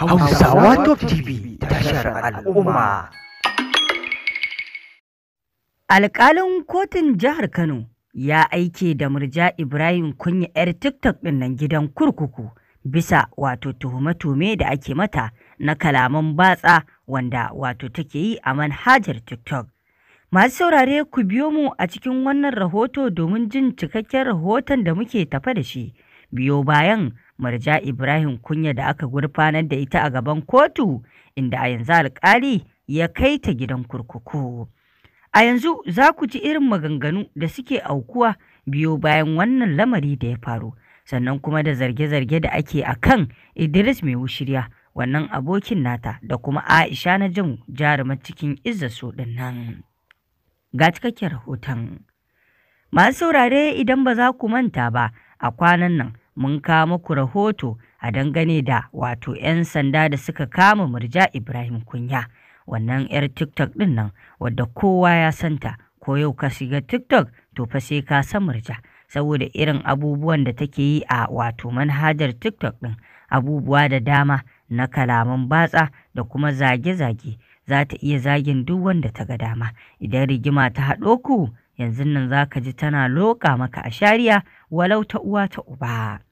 Hausawa Top TV tashar al'umma. Alƙalin kotun jihar Kano ya aike da murja Ibrahim kunya 'yar TikTok ɗinnan gidan kurkuku bisa wato tuhume-tuhume da ake mata na kalaman batsa wanda wato take yi a manhajar TikTok. Masu saurare ku biyo mu a cikin wannan rahoto domin jin cikakken rahoton da muke tafa da shi. Biyo bayan Marja Ibrahim Kunya da aka gurfanar da ita a gaban kotu inda a yanzu alkali ya kai ta gidan kurkuku. A yanzu za ku ji irin maganganu da suke aukuwa biyo bayan wannan lamari da ya faru, sannan kuma da zarge-zarge da ake a kan Idris mai wushirya wannan abokin nata da kuma Aisha na jamu jarumar cikin izza so nan. Ga cikakken rahoton. Masu saurare idan ba za ku manta ba a kwanan nan mun kawo muku rahoto a dangane da wato 'yan sanda da suka kama murja ibrahim kunya wannan 'yar tiktok din nan wadda kowa ya santa ko yau ka shiga tiktok to fa sai ka san murja saboda irin abubuwan da take yi a wato manhajar tiktok ɗin, abubuwa da dama na kalaman batsa da kuma zage-zage za ta iya zagin duk wanda ta ga dama idan rigima ta haɗo ku yanzu nan za ka ji tana loka maka a shariya walau ta uwa ta uba.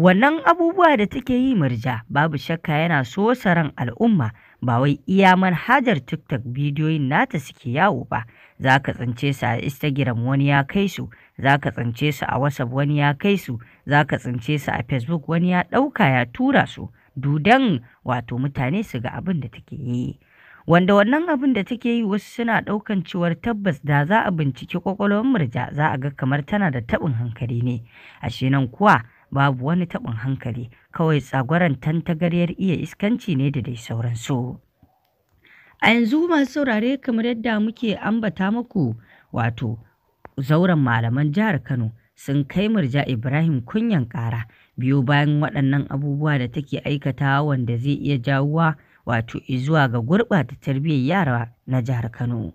Wannan abubuwa da take yi murja babu shakka yana so ran al'umma ba wai iya manhajar TikTok bidiyoyin nata suke yawo ba, za ka tsince su a Instagram wani ya kai su, za ka tsince su a WhatsApp wani ya kai su, za ka tsince su a Facebook wani ya ɗauka ya tura su, dudan wato mutane su ga abin da take yi. Wanda wannan abin da take yi wasu suna ɗaukan cewar tabbas da za a binciki kwakwalwar murja za a ga kamar tana da taɓin hankali ne, ashe nan kuwa babu wani taɓin hankali kawai tsagwaron tantagaryar iya iskanci ne da dai sauransu. A yanzu masu saurare kamar yadda muke ambata muku wato zauren malaman jihar Kano sun kai murja Ibrahim kunyan ƙara biyo bayan waɗannan abubuwa da take aikata wanda zai iya jawowa wato zuwa ga gurɓata tarbiyyar yara na jihar Kano.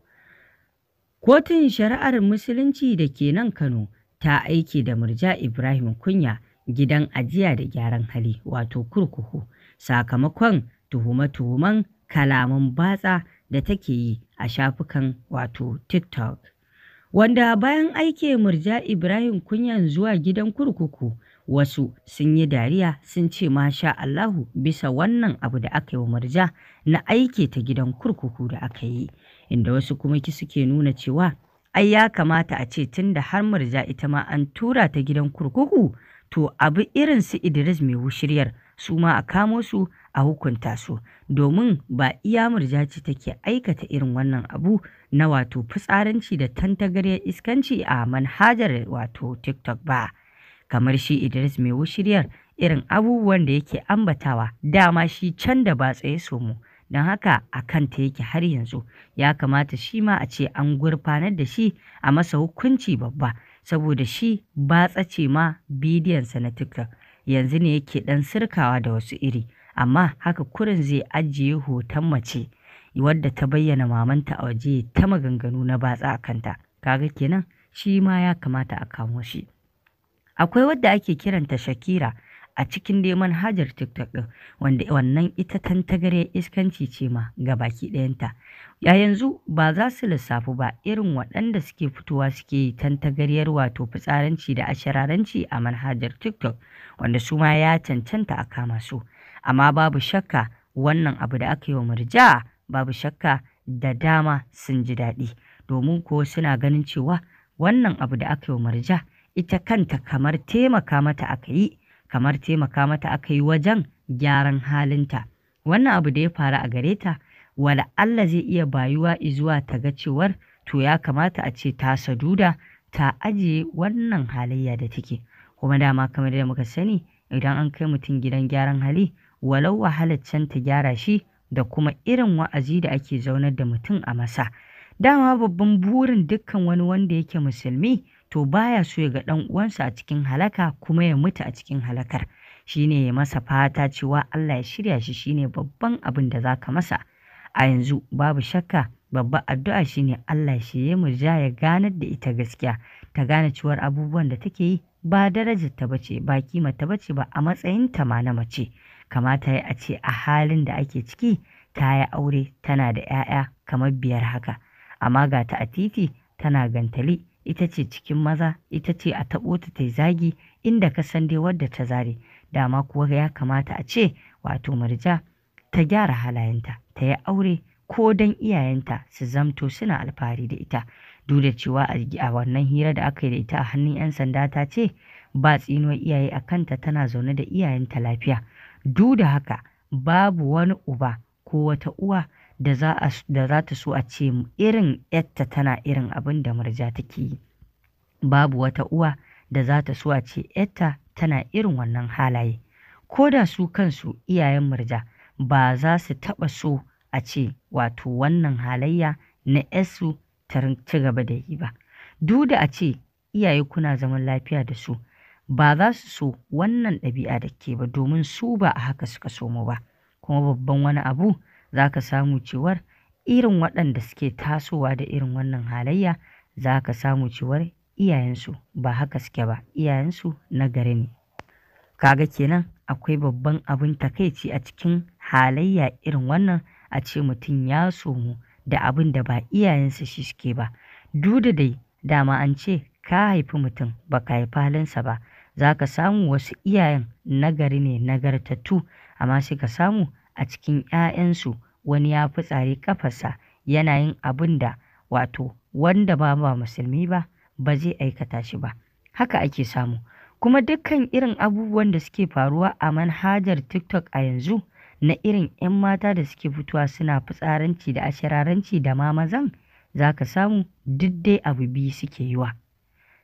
Kotun shari'ar Musulunci da ke nan Kano ta aiki da murja Ibrahim kunya gidan ajiya da gyaran hali wato kurkuku sakamakon tuhume-tuhumen kalaman batsa da take yi a shafukan wato TikTok. Wanda bayan aike Murja Ibrahim Kunyan zuwa gidan kurkuku wasu sun yi dariya sun ce masha Allahu bisa wannan abu da aka yi wa murja na aike ta gidan kurkuku da aka yi inda wasu kuma ki suke nuna cewa ai ya kamata a ce tun da har murja ita ma an tura ta gidan kurkuku to abu irin su Idris mai wushiryar su ma a kamo su a hukunta su domin ba iya murjaci take aikata irin wannan abu na wato fitsaranci da tantagaryar iskanci a manhajar wato TikTok ba kamar shi Idris mai wushiryar irin abubuwan da yake ambatawa dama shi can da ba tsaye so mu don haka a kanta yake har yanzu ya kamata shi ma a ce an gurfanar da shi a masa hukunci babba saboda shi batsa ce ma bidiyonsa na TikTok yanzu ne yake ɗan sirkawa da wasu iri, amma haka kurin zai ajiye hoton mace wadda ta bayyana mamanta a waje ta maganganu na batsa a kanta, kaga kenan shi ma ya kamata a kamo shi. Akwai wadda ake kiranta Shakira a cikin dai manhajar TikTok ɗin wanda wannan ita tantagare iskanci ce ma ga baki ɗayanta. Ya yanzu ba za su lissafi ba irin waɗanda suke fitowa suke tantagaryar wato fitsaranci da ashararanci a manhajar TikTok wanda su ma ya cancanta a kama su. Amma babu shakka wannan abu da aka yi wa murja babu shakka da dama sun ji daɗi domin ko suna ganin cewa wannan abu da aka yi wa murja ita kanta kamar taimaka mata aka yi kamar taimaka mata aka yi wajen gyaran halinta wannan abu da ya faru a gare ta wala Allah zai iya bayuwa izuwa ta ga cewar to ya kamata a ce ta saduda ta ajiye wannan halayya da take kuma dama kamar da muka sani idan an kai mutum gidan gyaran hali walau can ta gyara shi da kuma irin wa'azi da ake zaunar da mutum a masa dama babban burin dukkan wani wanda yake musulmi to baya so ya ga ɗan uwansa a cikin halaka kuma ya mutu a cikin halakar shine ya masa fata cewa Allah ya shirya shi shine babban abin da zaka masa a yanzu babu shakka babbar addu'a shine Allah shi ya murja ya ganar da ita gaskiya ta gane cewar abubuwan da take yi ba darajar ta bace ba kima ta bace ba a matsayin ta ma na mace kamata ya ce a halin da ake ciki ta yi aure tana da 'ya'ya kamar biyar haka amma ga ta a titi tana gantali ita ce cikin maza ita ce a taɓo ta ta zagi inda ka san dai wadda ta zare dama kuwa ya kamata a ce wato marja ta gyara halayenta ta yi aure ko don iyayenta su zamto suna alfahari da ita duk da cewa a wannan hira da aka yi da ita a hannun 'yan sanda ta ce ba tsinuwar iyaye a kanta tana zaune da iyayenta lafiya duk da haka babu wani uba ko wata uwa da za ta so a ce irin ‘yarta tana irin abin da Murja take yi. Babu wata uwa da za ta so a ce ‘yarta tana irin wannan halaye. Ko da su kansu iyayen Murja ba za su taɓa so a ce wato wannan halayya na ‘yarsu ta ci gaba da yi ba. Duk da a ce iyaye kuna zaman lafiya da su, ba za su so wannan ɗabi'a da ke ba domin su ba a haka suka so mu ba. Kuma babban wani abu za ka samu cewar irin waɗanda suke tasowa da irin wannan halayya za ka samu cewar iyayensu ba haka suke ba iyayensu na gari ne kaga kenan akwai babban abin takaici a cikin halayya irin wannan a ce mutum ya somu da abin da ba iyayensa shi suke ba duda dai dama an ce ka haifi mutum ba ka haifi halinsa ba za ka samu wasu iyayen nagari ne nagartattu amma sai ka samu a cikin 'ya'yansu wani ya fitsari ƙafarsa yana yin abin da wato wanda ba ba musulmi ba ba zai aikata shi ba haka ake samu kuma dukkan irin abubuwan da suke faruwa a manhajar TikTok a yanzu na irin 'yan mata da suke fitowa suna fitsaranci da ashiraranci da ma mazan za ka samu duk dai abu biyu suke yi wa.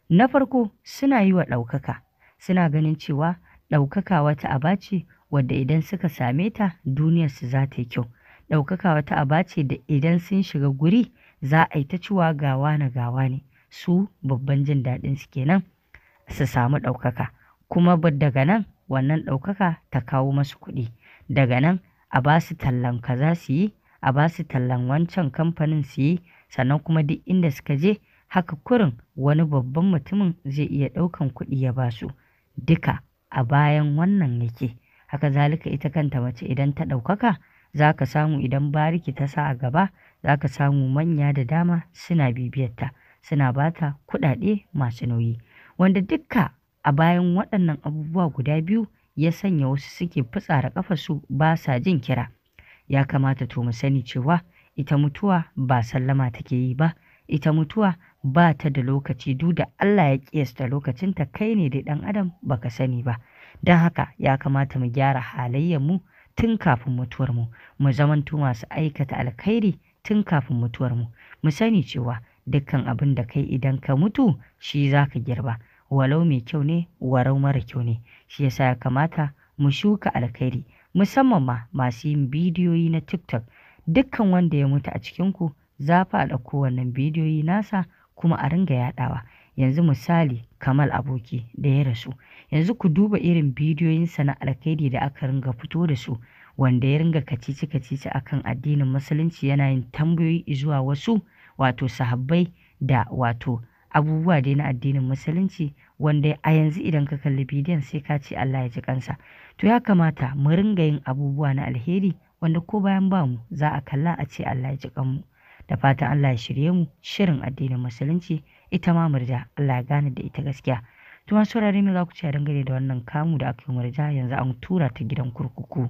Na farko suna yi wa ɗaukaka, suna ganin cewa ɗaukaka wata abaci ce wadda idan suka same ta duniyarsu za ta yi kyau. Ɗaukaka wata aba ce da idan sun shiga guri za a yi ta ciwa gawa na gawa ne Su babban jin daɗin su nan su samu ɗaukaka. Kuma daga nan wannan ɗaukaka ta kawo masu kuɗi. Daga nan a ba su tallan kaza su yi, a ba su tallan wancan kamfanin su yi, sannan kuma duk inda suka je haka kurin wani babban mutumin zai iya ɗaukan kuɗi ya ba su. Duka a bayan wannan yake. Haka zalika ita kanta mace idan ta ɗaukaka za ka samu idan bariki ta sa a gaba za ka samu manya da dama suna bibiyarta suna ba ta kuɗaɗe masu nauyi wanda dukka a bayan waɗannan abubuwa guda biyu ya sanya wasu suke fitsara ƙafasu ba sa jin kira ya kamata to mu sani cewa ita mutuwa ba sallama take yi ba ita mutuwa ba ta da lokaci duk da Allah ya kiyasta lokacinta kai ne da ɗan adam baka sani ba don haka ya kamata mu gyara halayyar mu tun kafin mutuwar mu mu zamanto masu aikata alkhairi tun kafin mutuwar mu mu sani cewa dukkan abin da kai idan ka mutu shi za ka girba walau mai kyau ne warau mara kyau ne shi yasa ya kamata mu shuka alkhairi musamman ma masu yin bidiyoyi na TikTok dukkan wanda ya mutu a cikin ku za fa a ɗauko wannan bidiyoyi nasa kuma a ringa yaɗawa yanzu misali Kamal aboki da ya rasu Yanzu ku duba irin bidiyoyinsa na alkhairi da aka ringa fito da su, wanda ya ringa kacici-kacici a kan addinin musulunci yana yin tambayoyi zuwa wasu wato sahabbai da wato abubuwa dai na addinin musulunci wanda a yanzu idan ka kalli bidiyon sai ka ce Allah ya ji kansa. To ya kamata mu ringa yin abubuwa na alheri wanda ko bayan ba mu za a kalla a ce Allah ya ji kanmu. Da fatan Allah ya shirye mu shirin addinin musulunci ita ma murja Allah ya gane da ita gaskiya. kuma saurare ne za ku ci a dangane da wannan kamu da aka yi wa yanzu an tura ta gidan kurkuku.